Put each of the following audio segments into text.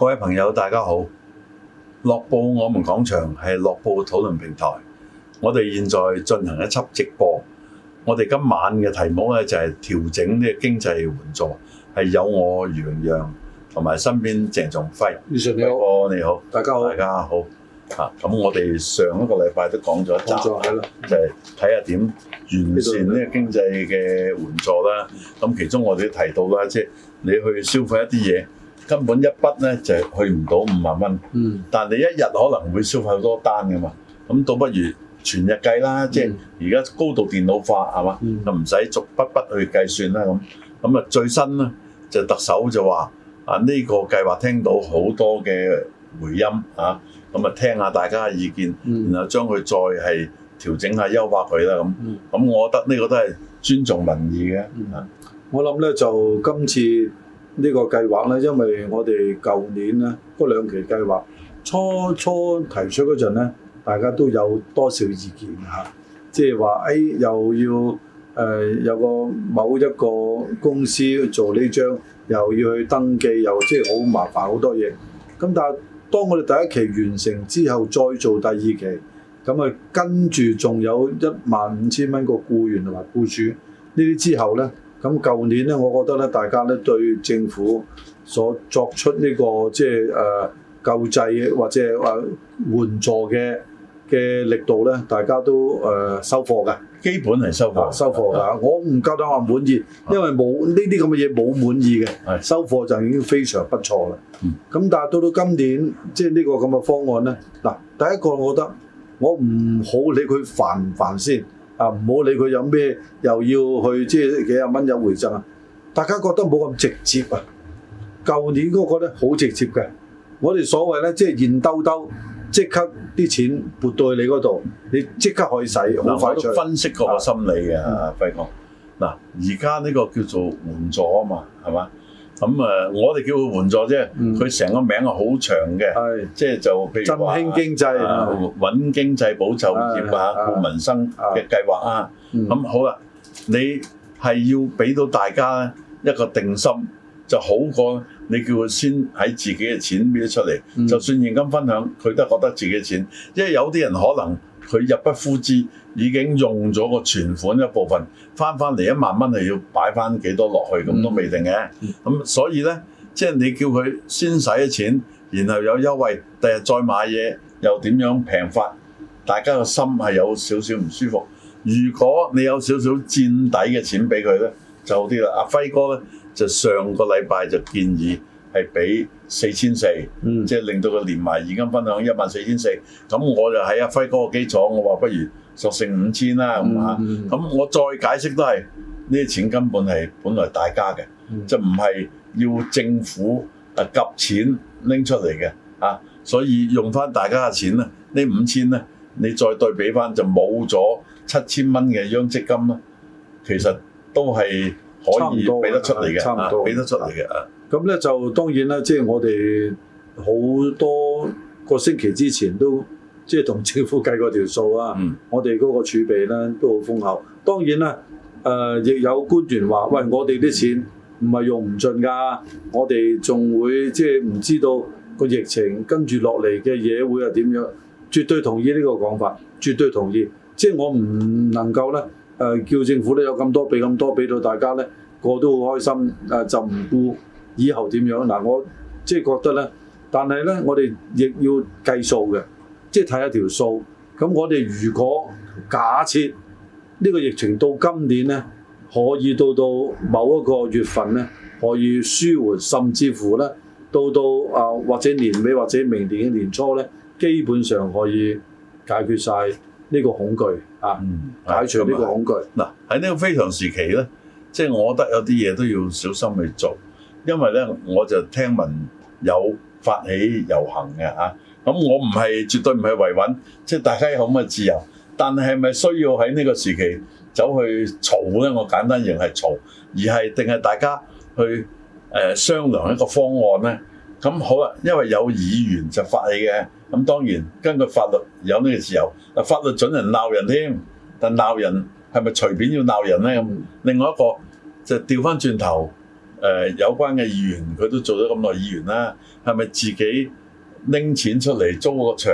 各位朋友，大家好！《樂報》我們講場係《樂報》討論平台，我哋現在進行一輯直播。我哋今晚嘅題目咧就係、是、調整呢個經濟援助，係有我余榮同埋身邊鄭仲輝。你好，你好，大家好，大家好。啊，咁我哋上一個禮拜都講咗一集，係咯、啊，就係睇下點完善呢個經濟嘅援助啦。咁的其中我哋都提到啦，即係你去消費一啲嘢。根本一筆咧就去唔到五萬蚊，嗯、但你一日可能會消費好多單噶嘛，咁倒不如全日計啦，嗯、即係而家高度電腦化係嘛？嗯，就唔使逐筆筆去計算啦咁，咁啊最新咧就特首就話啊呢、呢個計劃聽到好多嘅回音啊，咁啊聽下大家嘅意見，嗯、然後將佢再係調整下優化佢啦咁，咁、嗯、我覺得呢個都係尊重民意嘅，嗯啊、我諗咧就今次。呢個計劃呢，因為我哋舊年呢嗰兩期計劃初初提出嗰陣呢，大家都有多少意見吓，即係話、哎、又要、呃、有個某一個公司做呢張，又要去登記，又即係好麻煩好多嘢。咁但係當我哋第一期完成之後，再做第二期，咁啊跟住仲有一萬五千蚊個僱員同埋僱主呢啲之後呢。咁舊年咧，我覺得咧，大家咧對政府所作出呢個即係誒救濟或者係話援助嘅嘅力度咧，大家都誒收貨嘅，基本係收貨嘅，收貨㗎。我唔夠膽話滿意，啊、因為冇呢啲咁嘅嘢冇滿意嘅，啊、收貨就已經非常不錯啦。咁、嗯、但係到到今年，即係呢個咁嘅方案咧，嗱，第一個我覺得我唔好理佢煩唔煩先。啊！唔好理佢有咩，又要去即係幾廿蚊有回贈啊！大家覺得冇咁直接啊？舊年嗰個咧好直接嘅，我哋所謂咧即係現兜兜，即刻啲錢撥到去你嗰度，你即刻可以使，好快都、嗯、分析過個心理嘅啊，輝哥、啊。嗱、嗯，而家呢個叫做援助啊嘛，係嘛？咁啊，我哋叫佢援助啫，佢成、嗯、個名係好長嘅，即係就譬如話，振興經濟、揾、啊、是經濟、補就業啊、顧民生嘅計劃啊，咁、嗯、好啦，你係要俾到大家一個定心，就好過你叫佢先喺自己嘅錢搣咗出嚟，是就算現金分享，佢都覺得自己嘅錢，因為有啲人可能佢入不敷支。已經用咗個存款一部分，翻翻嚟一萬蚊係要擺翻幾多落去，咁都未定嘅。咁、嗯、所以呢，即係你叫佢先使咗錢，然後有優惠，第日再買嘢又點樣平法？大家個心係有少少唔舒服。如果你有少少墊底嘅錢俾佢呢，就好啲啦。阿、啊、輝哥呢，就上個禮拜就建議係俾四千四，即係令到佢連埋現金分享一萬四千四。咁我就喺阿輝哥個基礎，我話不如。索性五千啦，咁啊，咁、嗯、我再解釋都係呢啲錢根本係本來大家嘅，嗯、就唔係要政府啊夾錢拎出嚟嘅啊，所以用翻大家嘅錢啦，呢五千咧，你再對比翻就冇咗七千蚊嘅央積金啦，其實都係可以俾得出嚟嘅，差唔多俾、啊、得出嚟嘅。咁咧、啊、就當然啦，即、就、係、是、我哋好多個星期之前都。即係同政府計過條數啊！嗯、我哋嗰個儲備咧都好豐厚。當然啦，誒、呃、亦有官員話，喂，我哋啲錢唔係用唔盡㗎，我哋仲會即係唔知道個疫情跟住落嚟嘅嘢會係點樣？絕對同意呢個講法，絕對同意。即係我唔能夠咧誒、呃、叫政府咧有咁多俾咁多，俾到大家咧個都好開心誒、呃，就唔顧以後點樣嗱。我即係覺得咧，但係咧我哋亦要計數嘅。即係睇下條數，咁我哋如果假設呢個疫情到今年呢，可以到到某一個月份呢，可以舒緩，甚至乎呢，到到啊或者年尾或者明年嘅年初呢，基本上可以解決晒呢個恐懼啊，解除呢個恐懼。嗱喺呢個非常時期呢，即係我覺得有啲嘢都要小心去做，因為呢，我就聽聞有發起遊行嘅嚇，咁我唔係絕對唔係維穩，即係大家有咁嘅自由，但係咪需要喺呢個時期走去嘈呢？我簡單認係嘈，而係定係大家去誒、呃、商量一個方案呢？咁好啦，因為有議員就發起嘅，咁當然根據法律有呢個自由，法律準人鬧人添，但鬧人係咪隨便要鬧人呢？咁另外一個就調翻轉頭。誒、呃、有關嘅議員，佢都做咗咁耐議員啦，係咪自己拎錢出嚟租個場，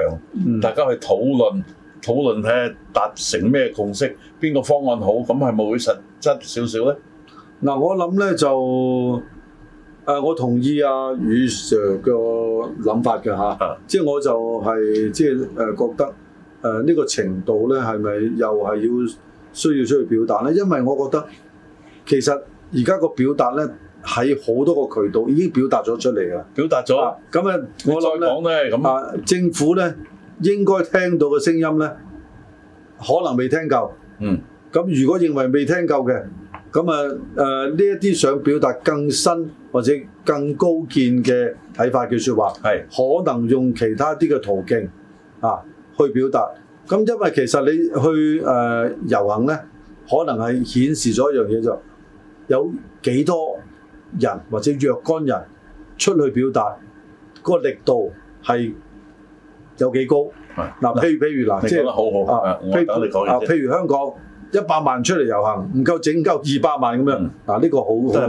大家去討論討論睇下達成咩共識，邊個方案好，咁係咪會實質少少咧？嗱、嗯，我諗咧就誒、呃，我同意阿、啊、宇 Sir 嘅諗法嘅嚇、嗯就是，即係我就係即係誒覺得誒呢、呃這個程度咧係咪又係要需要出去表達咧？因為我覺得其實而家個表達咧。喺好多個渠道已經表達咗出嚟啦，表達咗。咁啊，我再講都係咁啊。政府咧應該聽到嘅聲音咧，可能未聽夠。嗯。咁如果認為未聽夠嘅，咁啊誒呢一啲想表達更新或者更高見嘅睇法嘅説話，係是可能用其他啲嘅途徑啊去表達。咁因為其實你去誒、呃、遊行咧，可能係顯示咗一樣嘢，就有幾多。人或者若干人出去表達嗰個力度係有幾高？嗱，譬如譬如嗱，即係好好啊。譬如香港一百萬出嚟遊行，唔夠整夠二百萬咁樣。嗱、嗯，呢、啊呢個好好，呢、啊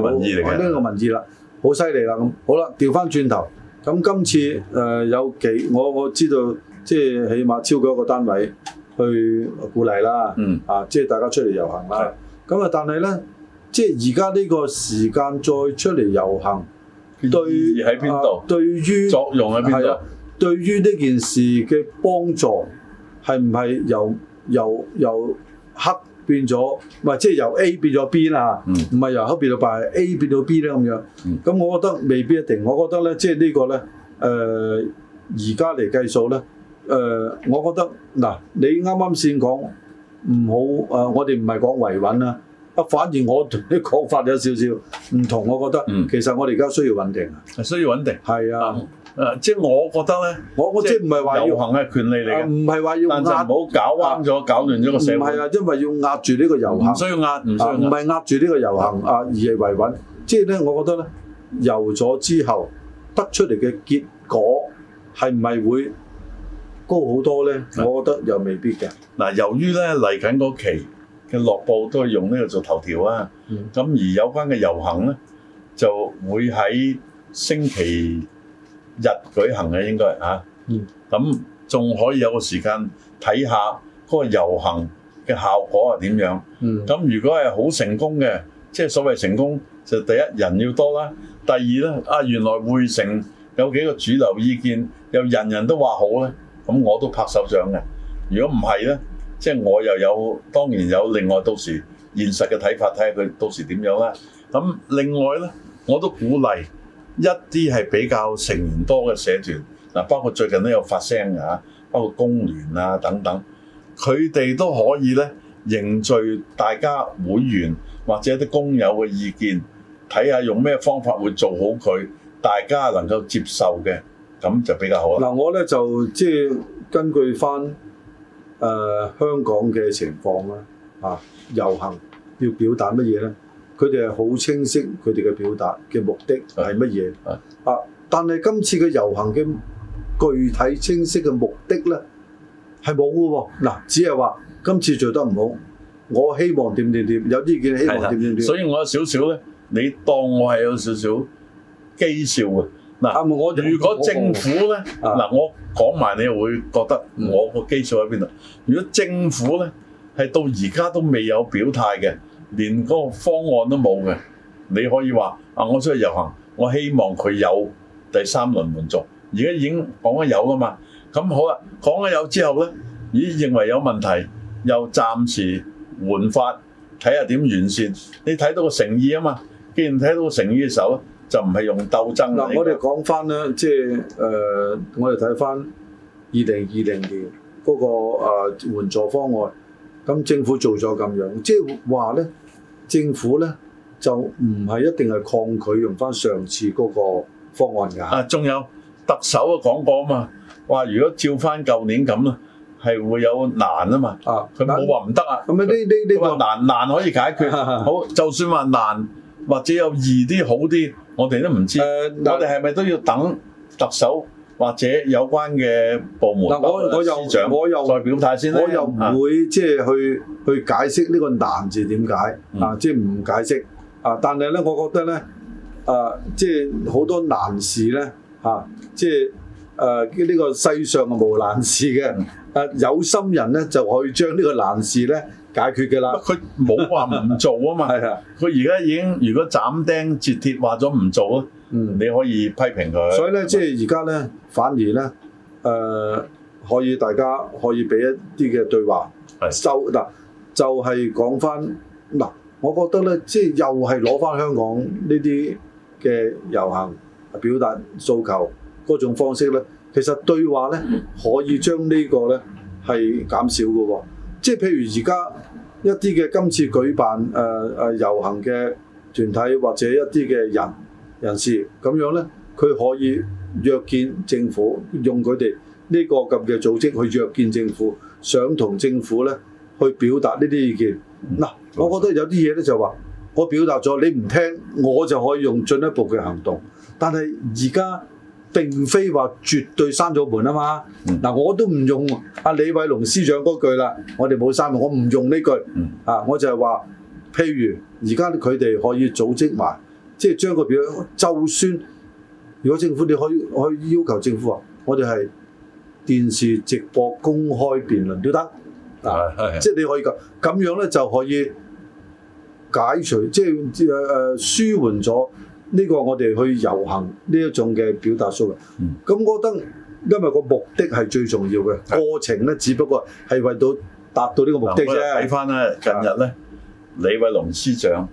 呢個文字啦，好犀利啦。咁好啦，調翻轉頭，咁今次誒有幾我我知道，即係起碼超過一個單位去鼓勵啦。嗯啊，即係大家出嚟遊行啦。咁啊的，但係咧。即係而家呢個時間再出嚟遊行，意義喺邊度？對於作用喺邊度？對於呢件事嘅幫助係唔係由由由黑變咗，唔係即係由 A 變咗 B 啊？唔係、嗯、由黑變到白，A 變到 B 咧咁樣。咁、嗯、我覺得未必一定。我覺得咧，即係呢個咧，誒而家嚟計數咧，誒、呃、我覺得嗱，你啱啱先講唔好誒、呃，我哋唔係講維穩啊。反而我同啲講法有少少唔同，我覺得其實我哋而家需要穩定啊，係需要穩定，係啊，誒，即係我覺得咧，我我即係唔係話要遊行嘅權利嚟嘅，唔係話要，但就唔好搞彎咗、搞亂咗個社會。唔係啊，因為要壓住呢個遊行，唔需要壓，唔需要，唔係壓住呢個遊行啊，而係維穩。即係咧，我覺得咧遊咗之後得出嚟嘅結果係唔係會高好多咧？我覺得又未必嘅。嗱，由於咧嚟緊個期。嘅落報都係用呢個做頭條啊，咁、嗯、而有關嘅遊行呢，就會喺星期日舉行嘅應該嚇，咁仲、嗯啊、可以有個時間睇下嗰個遊行嘅效果係點樣。咁、嗯、如果係好成功嘅，即、就、係、是、所謂成功就第一人要多啦，第二呢，啊原來會成有幾個主流意見又人人都話好呢，咁我都拍手掌嘅。如果唔係呢。即係我又有當然有另外到時現實嘅睇法，睇下佢到時點樣啦。咁另外呢，我都鼓勵一啲係比較成員多嘅社團嗱，包括最近都有發聲啊，包括工聯啊等等，佢哋都可以呢，凝聚大家會員或者啲工友嘅意見，睇下用咩方法會做好佢，大家能夠接受嘅，咁就比較好啦。嗱，我呢就即係根據翻。誒、呃、香港嘅情況啦，啊遊行要表達乜嘢咧？佢哋係好清晰佢哋嘅表達嘅目的係乜嘢？嗯嗯、啊，但係今次嘅遊行嘅具體清晰嘅目的咧係冇喎。嗱、啊，只係話今次做得唔好，我希望點點點，有啲嘢希望點點點。所以我有少少咧，你當我係有少少譏誚。嗱、啊，如果政府咧，嗱、啊、我講埋，你會覺得我個基礎喺邊度？如果政府咧係到而家都未有表態嘅，連嗰個方案都冇嘅，你可以話啊，我出去遊行，我希望佢有第三輪援助，而家已經講咗有㗎嘛？咁好啦，講咗有之後咧，咦認為有問題又暫時緩發，睇下點完善？你睇到個誠意啊嘛，既然睇到個誠意嘅時候。就唔係用鬥爭啦，我哋講翻啦，即係誒、呃，我哋睇翻二零二零年嗰、嗰個、啊、援助方案，咁政府做咗咁樣，即係話咧，政府咧就唔係一定係抗拒用翻上次嗰個方案㗎。啊，仲有特首啊講過啊嘛，話如果照翻舊年咁係會有難啊嘛。啊，佢冇話唔得。咁啊，呢呢呢個難難可以解決。 好，就算話難或者有易啲好啲。我哋都唔知，誒、呃，我哋係咪都要等特首或者有關嘅部門嗱，我又長我又我又再表態先，我又唔會即係去去解釋呢個難字點解、嗯、啊，即係唔解釋啊，但係咧，我覺得咧，誒、啊，即係好多難事咧嚇，即係誒呢個世上無難事嘅，誒、啊、有心人咧就可以將呢個難事咧。解決嘅啦，佢冇話唔做啊嘛。係 啊，佢而家已經如果斬釘截鐵話咗唔做啊，嗯，你可以批評佢。所以咧，吧即係而家咧，反而咧，誒、呃、可以大家可以俾一啲嘅對話。收是。嗱、啊，就係講翻嗱，我覺得咧，即係又係攞翻香港呢啲嘅遊行表達訴求嗰種方式咧，其實對話咧可以將這個呢個咧係減少嘅喎、啊。即係譬如而家一啲嘅今次舉辦誒誒、呃呃、遊行嘅團體或者一啲嘅人人士咁樣呢，佢可以約見政府，用佢哋呢個咁嘅組織去約見政府，想同政府呢去表達呢啲意見。嗱、嗯，我覺得有啲嘢呢就話我表達咗，你唔聽，我就可以用進一步嘅行動。但係而家，並非話絕對閂咗門啊嘛，嗱、嗯、我都唔用阿李偉龍司長嗰句啦，我哋冇閂，我唔用呢句，嗯、啊，我就係話，譬如而家佢哋可以組織埋，即係將個表，就算如果政府你可以可以要求政府話，我哋係電視直播公開辯論都得，係係，即係你可以咁咁樣咧就可以解除，即係誒誒舒緩咗。呢個我哋去遊行呢一種嘅表達方式，咁、嗯、我覺得因為,目、嗯、為個目的係最重要嘅，過程咧只不過係為到達到呢個目的啫。睇翻啦，是近日咧，李慧龍司長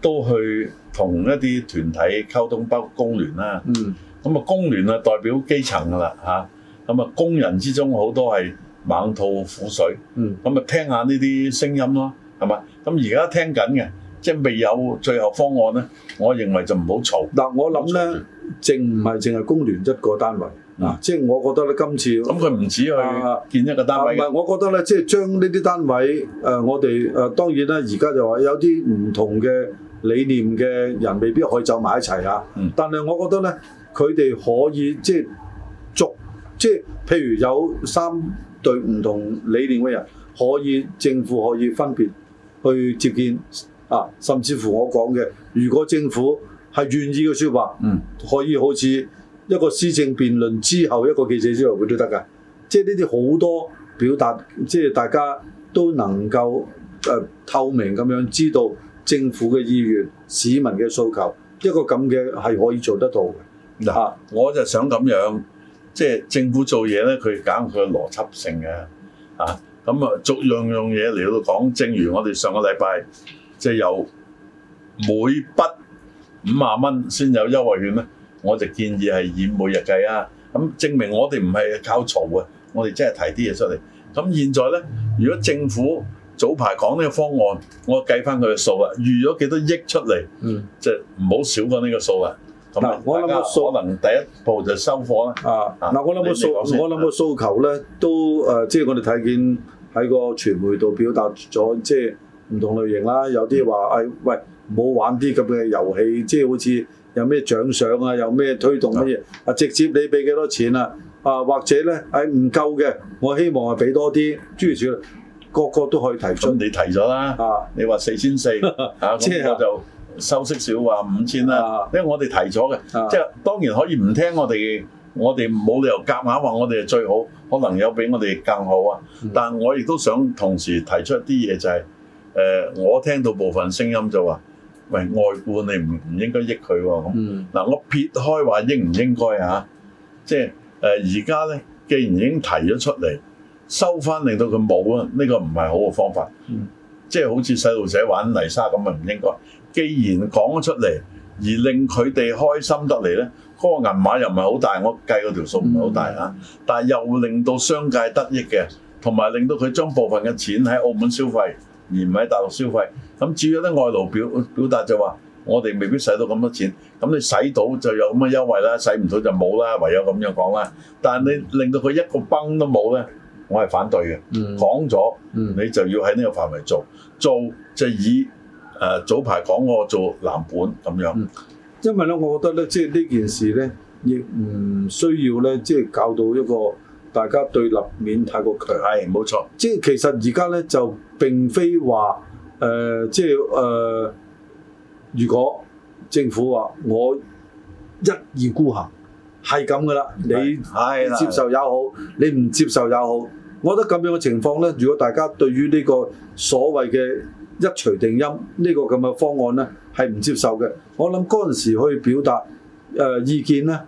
都去同一啲團體溝通，包括工聯啦。咁啊、嗯，工聯啊代表基層㗎啦嚇，咁啊工人之中好多係猛吐苦水，咁啊、嗯、聽下呢啲聲音咯，係嘛？咁而家聽緊嘅。即係未有最後方案咧，我認為就唔好嘈。嗱，我諗咧，淨唔係淨係工聯一個單位。嗱、嗯，即係我覺得咧，今次咁佢唔止去建一個單位。唔係、啊啊，我覺得咧，即係將呢啲單位，誒、呃，我哋誒、呃、當然咧，而家就話有啲唔同嘅理念嘅人，未必可以走埋一齊啊。嗯、但係我覺得咧，佢哋可以即係逐，即係譬如有三對唔同理念嘅人，可以政府可以分別去接見。啊，甚至乎我講嘅，如果政府係願意嘅説話，嗯、可以好似一個施政辯論之後一個記者招待會都得㗎。即係呢啲好多表達，即係大家都能夠誒、呃、透明咁樣知道政府嘅意願、市民嘅訴求，一個咁嘅係可以做得到嘅。嗱、嗯，啊、我就想咁樣，即係政府做嘢呢，佢揀佢嘅邏輯性嘅。啊，咁啊，逐樣樣嘢嚟到講，正如我哋上個禮拜。即係有每筆五萬蚊先有優惠券咧，我就建議係以每日計啊。咁證明我哋唔係靠嘈啊，我哋真係提啲嘢出嚟。咁現在咧，如果政府早排講呢個方案，我計翻佢嘅數啊，預咗幾多億出嚟，即係唔好少過呢個數啊。咁我諗個數可能第一步就收貨啦。啊，嗱，說我諗個訴我諗個訴求咧，都誒、呃，即係我哋睇見喺個傳媒度表達咗，即係。唔同類型啦，有啲話誒，喂，唔好玩啲咁嘅遊戲，即係好似有咩獎賞啊，有咩推動乜嘢啊？直接你俾幾多錢啊？啊，或者咧唔、哎、夠嘅，我希望係俾多啲諸如此類，個個都可以提出。你提咗啦、啊、你話四千四之咁後就收息少話五千啦，因為我哋提咗嘅，啊、即係當然可以唔聽我哋，我哋冇理由夾硬話我哋係最好，可能有畀我哋更好啊。嗯、但係我亦都想同時提出一啲嘢就係、是。誒、呃，我聽到部分聲音就話，喂，外判你唔唔應該益佢喎、啊。咁嗱，嗯、我撇開話應唔應該嚇、啊，即係誒而家咧，既然已經提咗出嚟，收翻令到佢冇啊，呢、呢個唔係好嘅方法。嗯、即係好似細路仔玩泥沙咁啊，唔應該。既然講咗出嚟，而令佢哋開心得嚟咧，嗰、嗰個銀碼又唔係好大，我計嗰條數唔係好大嚇、啊，嗯、但係又令到商界得益嘅，同埋令到佢將部分嘅錢喺澳門消費。而唔喺大陸消費，咁至於啲外勞表表達就話，我哋未必使到咁多錢，咁你使到就有咁嘅優惠啦，使唔到就冇啦，唯有咁樣講啦。但係你令到佢一個崩都冇咧，我係反對嘅。講咗、嗯，你就要喺呢個範圍做，嗯、做就以誒早排講我做藍本咁樣、嗯。因為咧，我覺得咧，即係呢件事咧，亦唔需要咧，即係搞到一個。大家對立面太過強，係冇錯。即係其實而家咧就並非話誒、呃，即係誒、呃，如果政府話我一意孤行，係咁噶啦。你係的接受也好，的你唔接，的接受也好，我覺得咁樣嘅情況咧，如果大家對於呢個所謂嘅一錘定音呢、這個咁嘅方案咧，係唔接受嘅。我諗嗰陣時可以表達誒、呃、意見咧，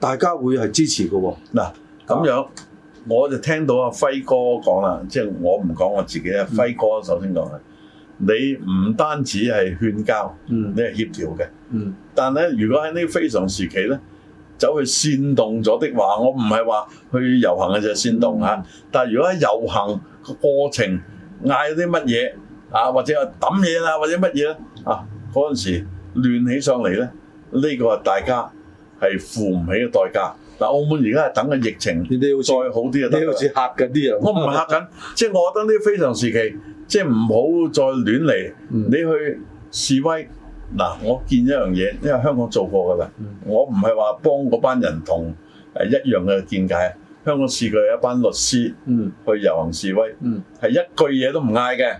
大家會係支持嘅喎、哦。嗱。咁樣，我就聽到阿輝哥講啦，即係我唔講我自己啦。輝哥、嗯、首先講係，你唔單止係勸交，你係協調嘅。嗯，嗯但係咧如果喺呢非常時期咧，走去煽動咗的話，我唔係話去遊行嘅就煽動吓，但係如果喺遊行過程嗌啲乜嘢啊，或者抌嘢啦，或者乜嘢咧啊，嗰陣時亂起上嚟咧，呢、呢個係大家係付唔起嘅代價。嗱，澳門而家係等緊疫情，你要再好啲啊！你好似嚇緊啲人，我唔係嚇緊，即係我覺得呢非常時期，即係唔好再亂嚟。嗯、你去示威，嗱，我見一樣嘢，因為香港做過㗎啦。我唔係話幫嗰班人同誒、啊、一樣嘅見解。香港試過有一班律師去遊行示威，係、嗯、一句嘢都唔嗌嘅，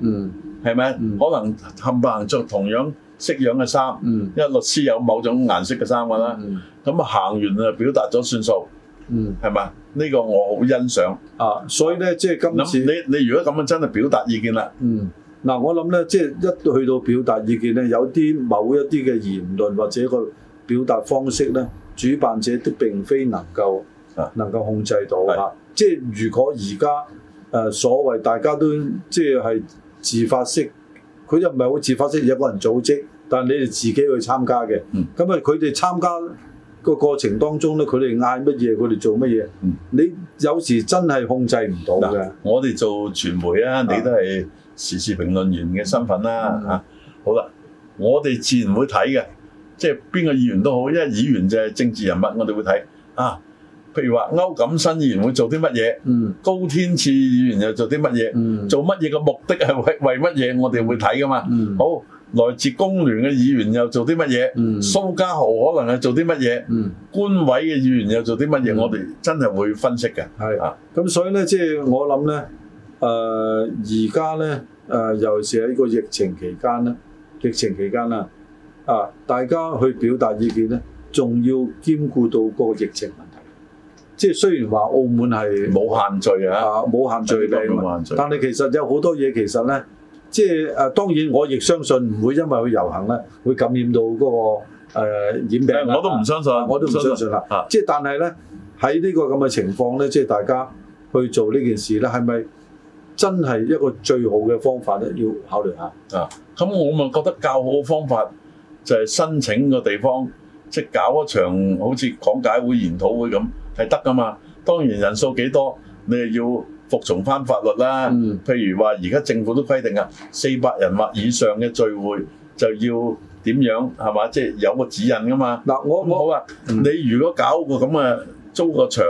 係咪？可能冚唪唥都同樣。式樣嘅衫，因為律師有某種顏色嘅衫㗎啦。咁行、嗯、完啊，表達咗算數，係咪、嗯？呢、呢個我好欣賞啊。所以咧，即係今次你你如果咁樣真係表達意見啦。嗯，嗱、啊，我諗咧，即係一去到表達意見咧，有啲某一啲嘅言論或者個表達方式咧，主辦者都並非能夠、啊、能夠控制到是啊。即係如果而家誒所謂大家都即係係自發式，佢又唔係好自發式，有個人組織，但係你哋自己去參加嘅，咁啊佢哋參加個過程當中咧，佢哋嗌乜嘢，佢哋做乜嘢，嗯、你有時真係控制唔到、啊、我哋做傳媒啊，你都係時事評論員嘅身份啦嚇。好啦，我哋自然會睇嘅，即係邊個議員都好，因為議員就係政治人物，我哋會睇啊。譬如話歐錦新議員會做啲乜嘢，嗯、高天賜議員又做啲乜嘢，嗯、做乜嘢嘅目的係為為乜嘢？我哋會睇噶嘛。嗯、好。來自工聯嘅議員又做啲乜嘢？嗯、蘇家豪可能係做啲乜嘢？嗯、官委嘅議員又做啲乜嘢？嗯、我哋真係會分析嘅。係，咁所以咧，即係我諗咧，誒而家咧，誒尤其是喺個疫情期間咧，疫情期間啊，啊大家去表達意見咧，仲要兼顧到個疫情問題。即係雖然話澳門係冇限聚啊，冇限聚，限聚，但係其實有好多嘢其實咧。即係誒、啊，當然我亦相信唔會因為去遊行咧，會感染到嗰、那個、呃、染病。我都唔相信，我都唔相信啦。即係但係咧，喺呢個咁嘅情況咧，即係大家去做呢件事咧，係咪真係一個最好嘅方法咧？要考慮下。啊，咁我咪覺得較好嘅方法就係申請個地方，即、就、係、是、搞一場好似講解會、研討會咁，係得噶嘛。當然人數幾多少，你係要。服從翻法律啦，譬如話而家政府都規定啊，四百人或以上嘅聚會就要點樣係嘛？即係、就是、有個指引噶嘛。嗱、啊，我我話、啊嗯、你如果搞個咁嘅租個場，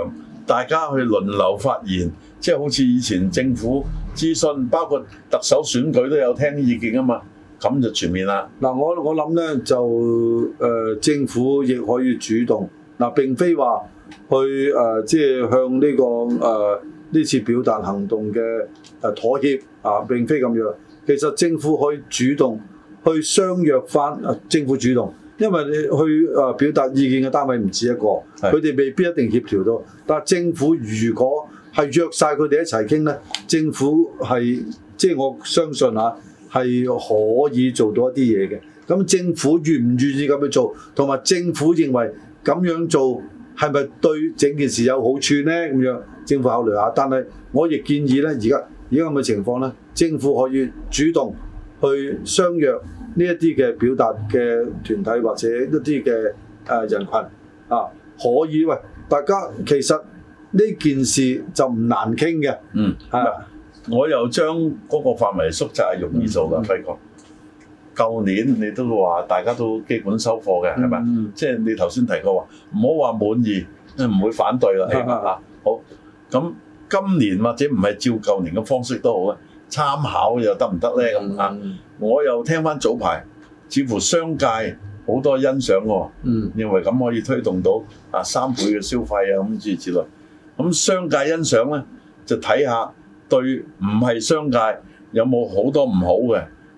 大家去輪流發言，即、就、係、是、好似以前政府諮詢，包括特首選舉都有聽意見噶嘛，咁就全面啦。嗱、啊，我我諗咧就誒、呃、政府亦可以主動，嗱、呃、並非話去誒、呃、即係向呢、這個誒。呃呢次表達行動嘅妥協啊，並非咁樣。其實政府可以主動去相約翻、啊，政府主動，因為你去誒表達意見嘅單位唔止一個，佢哋的未必一定協調到。但係政府如果係約晒佢哋一齊傾呢，政府係即係我相信嚇、啊、係可以做到一啲嘢嘅。咁政府願唔願意咁樣做，同埋政府認為咁樣做，係咪對整件事有好處呢？咁樣政府考慮下。但係我亦建議呢，而家而家咁嘅情況呢，政府可以主動去相約呢一啲嘅表達嘅團體或者一啲嘅誒人群啊，可以喂，大家其實呢件事就唔難傾嘅。嗯啊，我又將嗰個範圍縮窄，容易做噶輝、嗯嗯舊年你都話大家都基本收貨嘅係咪？是嗯、即係你頭先提過話，唔好話滿意，唔、嗯、會反對啦，係咪啊？嗯、好咁，那今年或者唔係照舊年嘅方式都好啊，參考又得唔得咧？咁啊、嗯，我又聽返早排，似乎商界好多欣賞㗎喎，認、嗯、為咁可以推動到啊三倍嘅消費啊咁之類。咁商界欣賞咧，就睇下對唔係商界有冇好多唔好嘅。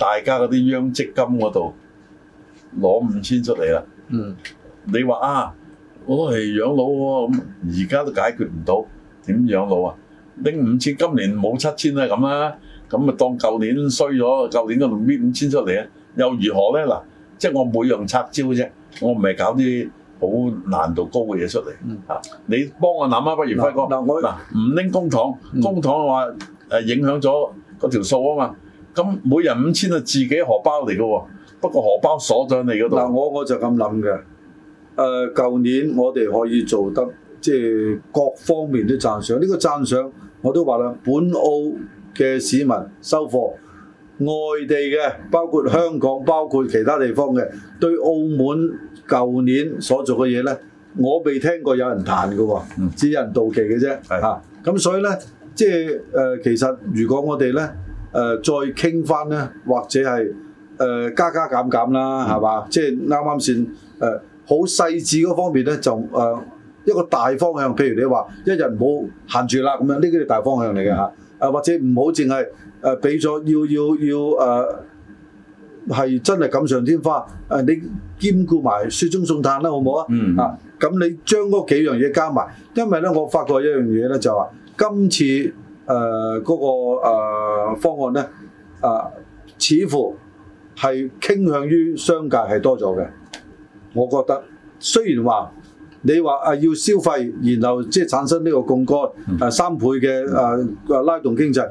大家嗰啲央積金嗰度攞五千出嚟啦。嗯，你話啊，我係養老喎，咁而家都解決唔到，點養老啊？拎五千，今年冇七千啊咁啦，咁咪當舊年衰咗，舊年嗰度搣五千出嚟啊，又如何咧？嗱，即係我每樣拆招啫，我唔係搞啲好難度高嘅嘢出嚟。嗯啊，你幫我諗啊，不如輝哥嗱，我嗱唔拎公帑，公帑嘅話誒影響咗嗰條數啊嘛。咁每人五千啊，自己荷包嚟噶喎。不過荷包鎖咗喺你度。嗱、啊，我我就咁諗嘅。誒、呃，舊年我哋可以做得即係、就是、各方面都讚賞。呢、這個讚賞我都話啦，本澳嘅市民收貨，外地嘅包括香港、嗯、包括其他地方嘅，對澳門舊年所做嘅嘢咧，我未聽過有人彈嘅喎，嗯、只有人妒忌嘅啫。係的啊。咁所以咧，即係誒，其實如果我哋咧，誒、呃、再傾翻咧，或者係誒、呃、加加減減啦，係嘛、嗯？即係啱啱先誒，好細緻嗰方面咧，就誒、呃、一個大方向。譬如你話一日唔好限住啦，咁樣呢啲係大方向嚟嘅嚇。誒、嗯、或者唔好淨係誒俾咗要要要誒係、呃、真係錦上添花。誒、呃、你兼顧埋雪中送炭啦，好唔好、嗯、啊？嗯。啊，咁你將嗰幾樣嘢加埋，因為咧我發覺一樣嘢咧就話、係、今次。誒嗰、呃那個、呃、方案咧，啊、呃，似乎係傾向於商界係多咗嘅。我覺得雖然話你話啊要消費，然後即係產生呢個槓桿誒三倍嘅誒、呃、拉動經濟，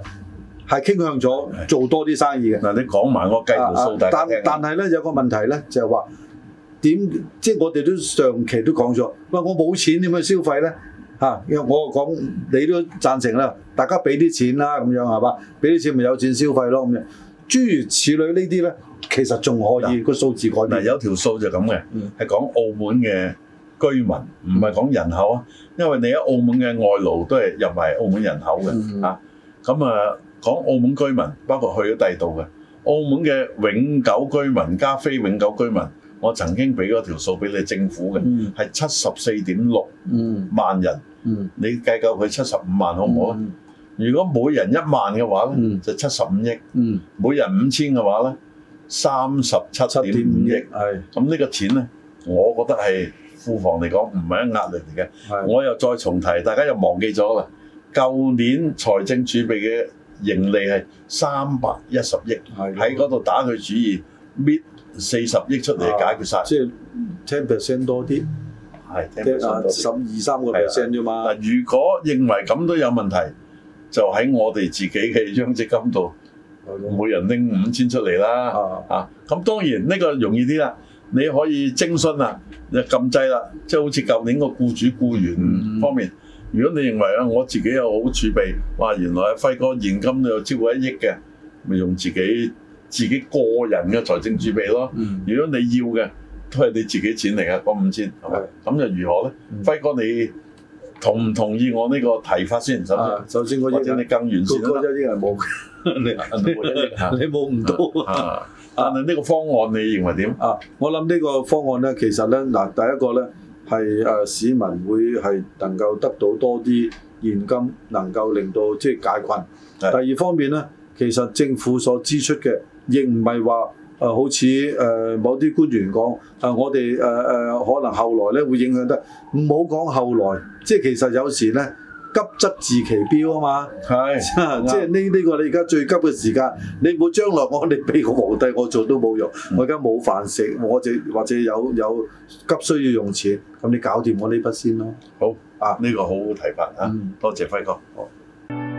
係傾向咗做多啲生意嘅。嗱、嗯嗯，你講埋我計條數大家聽。但但係咧有個問題咧，就係話點即係我哋都上期都講咗，餵我冇錢點樣消費咧？吓，因為我講你都贊成啦，大家俾啲錢啦，咁樣係嘛？俾啲錢咪有錢消費咯，咁樣。諸如此類呢啲咧，其實仲可以個數字改變。嗱，有條數就咁嘅，係講澳門嘅居民，唔係講人口啊。因為你喺澳門嘅外勞都係入埋澳門人口嘅啊。咁啊，講澳門居民，包括去咗第二度嘅澳門嘅永久居民加非永久居民。我曾經俾嗰條數俾你政府嘅，係七十四點六萬人，嗯嗯、你計夠佢七十五萬好唔好？嗯、如果每人一萬嘅話咧，嗯、就七十五億；嗯、每人五千嘅話咧，三十七點五億。係咁呢個錢咧，我覺得係庫房嚟講唔係一壓力嚟嘅。的我又再重提，大家又忘記咗啦。舊年財政儲備嘅盈利係三百一十億，喺嗰度打佢主意。搣四十億出嚟解決曬，即係 ten percent 多啲，係 ten percent 多啲，十二三個 percent 啫嘛。嗱，如果認為咁都有問題，就喺我哋自己嘅強積金度，每人拎五千出嚟啦。啊，咁當然呢個容易啲啦，你可以徵詢啊，又禁制啦，即係好似舊年個僱主僱員方面，如果你認為啊，我自己有好儲備，哇，原來阿輝哥現金都有超過一億嘅，咪用自己。自己個人嘅財政儲備咯，如果你要嘅都係你自己錢嚟嘅，講五千係咪？咁又如何咧？輝哥，你同唔同意我呢個提法先？啊，就算我啲人更完善，個個都啲人冇，你冇唔到但係，呢個方案你認為點啊？我諗呢個方案咧，其實咧，嗱，第一個咧係誒市民會係能夠得到多啲現金，能夠令到即係解困。第二方面咧，其實政府所支出嘅亦唔係話誒，好似誒、呃、某啲官員講誒、呃，我哋誒誒可能後來咧會影響得唔好講後來，即係其實有時咧急則治其標啊嘛，係是， 即係呢呢個你而家最急嘅時間，嗯、你冇將來我你俾個皇帝我做都冇用，嗯、我而家冇飯食，我就或者有有急需要用錢，咁你搞掂我呢筆先咯。好，這個、好啊，呢個好好睇法啊，嗯、多謝輝哥。好。